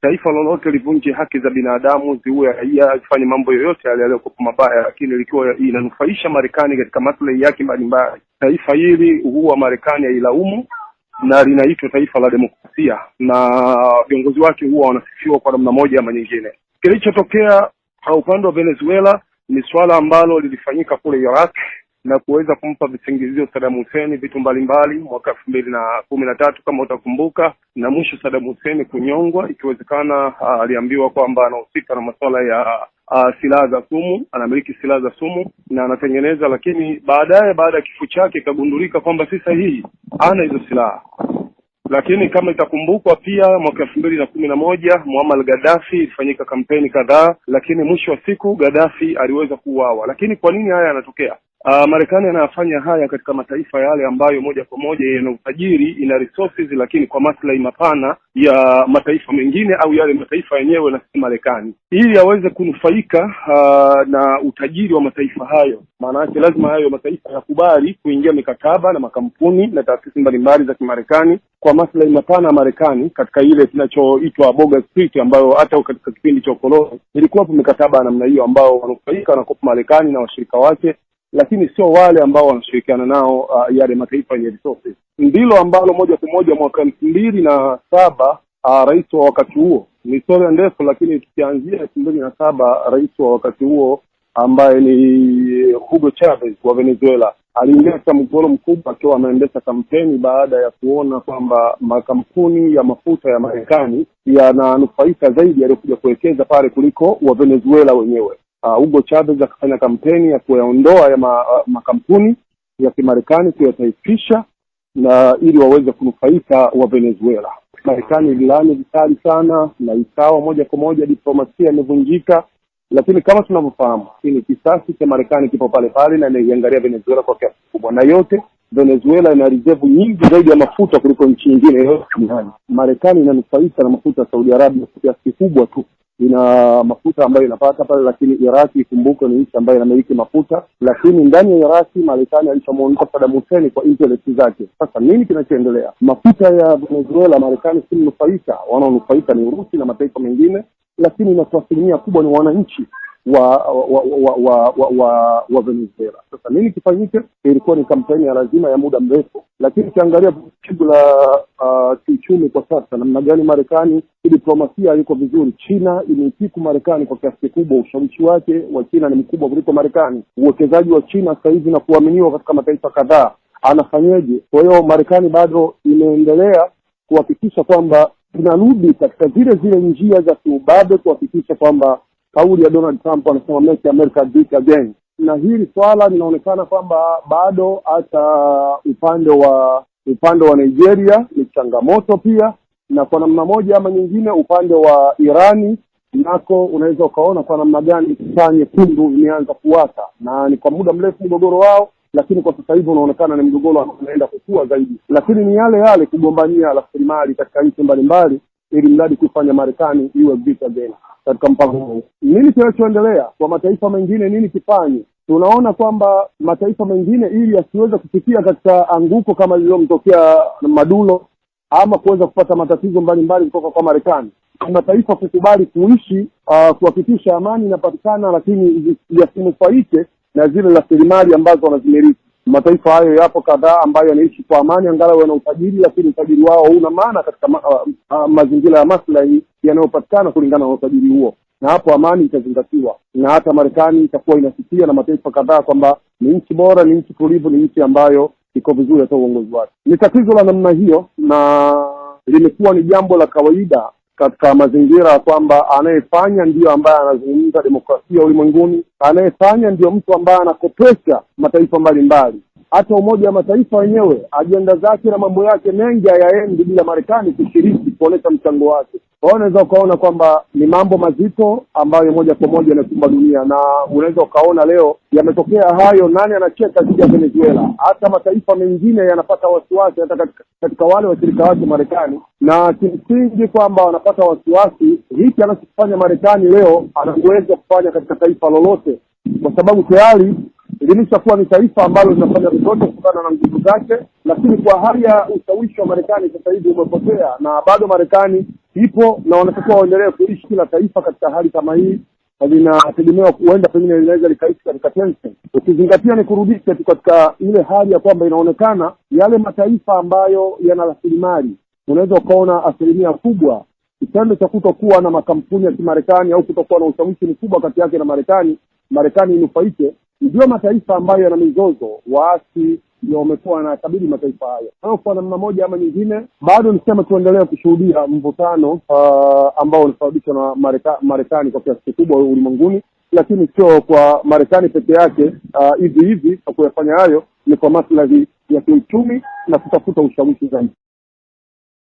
taifa lolote livunje haki za binadamu, ziue raia, ifanye mambo yoyote yale yaliyokuwa mabaya, lakini likiwa inanufaisha Marekani katika maslahi yake mbalimbali, taifa hili huwa Marekani hailaumu na linaitwa taifa la demokrasia, na viongozi wake huwa wanasifiwa kwa namna moja ama nyingine. Kilichotokea upande wa Venezuela ni suala ambalo lilifanyika kule Iraq na kuweza kumpa visingizio Saddam Hussein vitu mbalimbali mwaka elfu mbili na kumi na tatu kama utakumbuka, na mwisho Saddam Hussein kunyongwa. Ikiwezekana ah, aliambiwa kwamba anahusika na masuala ya ah, silaha za sumu, anamiliki silaha za sumu na anatengeneza, lakini baadaye, baada ya kifo chake, ikagundulika kwamba si sahihi, ana hizo silaha lakini kama itakumbukwa pia mwaka elfu mbili na kumi na moja Muammar Gaddafi ilifanyika kampeni kadhaa, lakini mwisho wa siku Gaddafi aliweza kuuawa. Lakini kwa nini haya yanatokea? Uh, Marekani anayafanya haya katika mataifa yale ambayo moja kwa moja yana utajiri, ina resources, lakini kwa maslahi mapana ya mataifa mengine au yale mataifa yenyewe na si Marekani, ili aweze kunufaika uh, na utajiri wa mataifa hayo. Maana yake lazima hayo mataifa yakubali kuingia mikataba na makampuni na taasisi mbalimbali za Kimarekani kwa maslahi mapana ya Marekani katika ile kinachoitwa boga Street, ambayo hata katika kipindi cha ukoloni ilikuwapo mikataba ya namna hiyo, ambao wanufaika wanakopa Marekani na washirika wake lakini sio wale ambao wanashirikiana nao uh, yale mataifa yenye resources. Ndilo ambalo moja kwa moja mwaka elfu mbili na saba uh, rais wa wakati huo, ni historia ndefu, lakini tukianzia elfu mbili na saba rais wa wakati huo ambaye ni Hugo Chavez wa Venezuela aliingia katika mgogoro mkubwa akiwa ameendesha kampeni baada ya kuona kwamba makampuni ya mafuta ya Marekani yananufaika zaidi yaliyokuja kuwekeza pale kuliko wa Venezuela wenyewe. Uh, Hugo uh, Chavez akafanya kampeni ya kuyaondoa ya ma, uh, makampuni ya Kimarekani kuyataifisha na ili waweze kunufaika wa Venezuela. Marekani ilani vikali sana na ikawa moja kwa moja diplomasia imevunjika, lakini kama tunavyofahamu, ni kisasi cha Marekani kipo pale pale na inaiangalia Venezuela kwa kiasi kikubwa, na yote Venezuela ina reserve nyingi zaidi ya mafuta kuliko nchi nyingine yoyote duniani. Marekani inanufaika na mafuta ya Saudi Arabia kwa kiasi kikubwa tu ina mafuta ambayo inapata pale, lakini Iraki ikumbukwe, ni nchi ambayo inamiliki mafuta, lakini ndani ya Iraki Marekani alichomuondoa Saddam Hussein kwa interest zake. Sasa nini kinachoendelea? Mafuta ya Venezuela Marekani si mnufaika, wanaonufaika ni Urusi na mataifa mengine, lakini inakuwa asilimia kubwa ni wananchi wa wa wa wa, wa, wa, wa Venezuela. Sasa nini kifanyike? Ilikuwa ni kampeni ya lazima ya muda mrefu, lakini ukiangalia pigo la uh, kiuchumi kwa sasa, namna gani Marekani diplomasia haiko vizuri. China imeipiku Marekani kwa kiasi kikubwa, ushawishi wake wa China ni mkubwa kuliko Marekani. Uwekezaji wa China sasa hivi na kuaminiwa katika mataifa kadhaa, anafanyeje? Kwa hiyo Marekani bado imeendelea kuhakikisha kwamba tunarudi katika zile zile njia za kiubabe kuhakikisha kwamba kauli ya Donald Trump anasema make America great again, na hili swala linaonekana kwamba bado hata upande wa upande wa Nigeria ni changamoto pia, na kwa namna moja ama nyingine upande wa Irani nako unaweza ukaona kwa namna gani tanye kundu imeanza kuwaka, na ni kwa muda mrefu mgogoro wao, lakini kwa sasa hivi unaonekana ni mgogoro ambao unaenda kukua zaidi, lakini ni yale yale kugombania rasilimali katika nchi mbalimbali, ili mradi kuifanya Marekani iwe vita tena katika mpango huu. Nini kinachoendelea kwa mataifa mengine? Nini kifanye? Tunaona kwamba mataifa mengine ili yasiweze kufikia katika anguko kama lililomtokea Maduro ama kuweza kupata matatizo mbalimbali kutoka kwa Marekani, mataifa kukubali kuishi uh, kuhakikisha amani inapatikana, lakini yasinufaike na zile rasilimali ambazo wanazimiliki mataifa hayo yapo kadhaa ambayo yanaishi kwa amani, angalau yana utajiri, lakini utajiri wao una maana katika ma, uh, uh, mazingira ya maslahi yanayopatikana kulingana na utajiri huo, na hapo amani itazingatiwa, na hata Marekani itakuwa inasikia na mataifa kadhaa kwamba ni nchi bora, ni nchi tulivu, ni nchi ambayo iko vizuri hata uongozi wake. Ni tatizo la namna hiyo, na limekuwa ni jambo la kawaida katika mazingira ya kwamba anayefanya ndiyo ambaye anazungumza demokrasia ulimwenguni, anayefanya ndiyo mtu ambaye anakopesha mataifa mbalimbali. Hata Umoja wa Mataifa wenyewe ajenda zake na mambo yake mengi hayaendi bila Marekani kushiriki kuonyesha mchango wake. Kwa hiyo unaweza ukaona kwamba ni mambo mazito ambayo moja kwa moja yanakumba dunia, na unaweza ukaona leo yametokea hayo. Nani anacheka dhidi ya Venezuela? Hata mataifa mengine yanapata wasiwasi, hata katika katika wale washirika wake Marekani, na kimsingi kwamba wanapata wasiwasi hiki anachokifanya Marekani leo anaweza kufanya katika taifa lolote, kwa sababu tayari kuwa ni taifa ambalo linafanya vitoto kutokana na nguvu zake, lakini kwa hali ya ushawishi wa Marekani sasa hivi umepotea, na bado Marekani ipo na wanatakiwa waendelee kuishi kila taifa katika hali kama hii, linategemewa huenda pengine linaweza likaishi katika tension, ukizingatia ni kurudisha tu katika ile hali ya kwamba inaonekana yale mataifa ambayo yana rasilimali, unaweza ukaona asilimia kubwa kitendo cha kutokuwa na makampuni ya Kimarekani au kutokuwa na ushawishi mkubwa kati yake na Marekani, Marekani inufaike, ndio mataifa ambayo yana mizozo, waasi ndio wamekuwa wanakabili mataifa hayo. Sasa kwa namna moja ama nyingine, bado nisema tuendelea kushuhudia mvutano uh, ambao unasababishwa na Mareka, Marekani kwa kiasi kikubwa ulimwenguni, lakini sio kwa Marekani peke yake uh, hivi uh, hivi kwa kuyafanya hayo ni kwa maslahi ya kiuchumi na kutafuta ushawishi zaidi.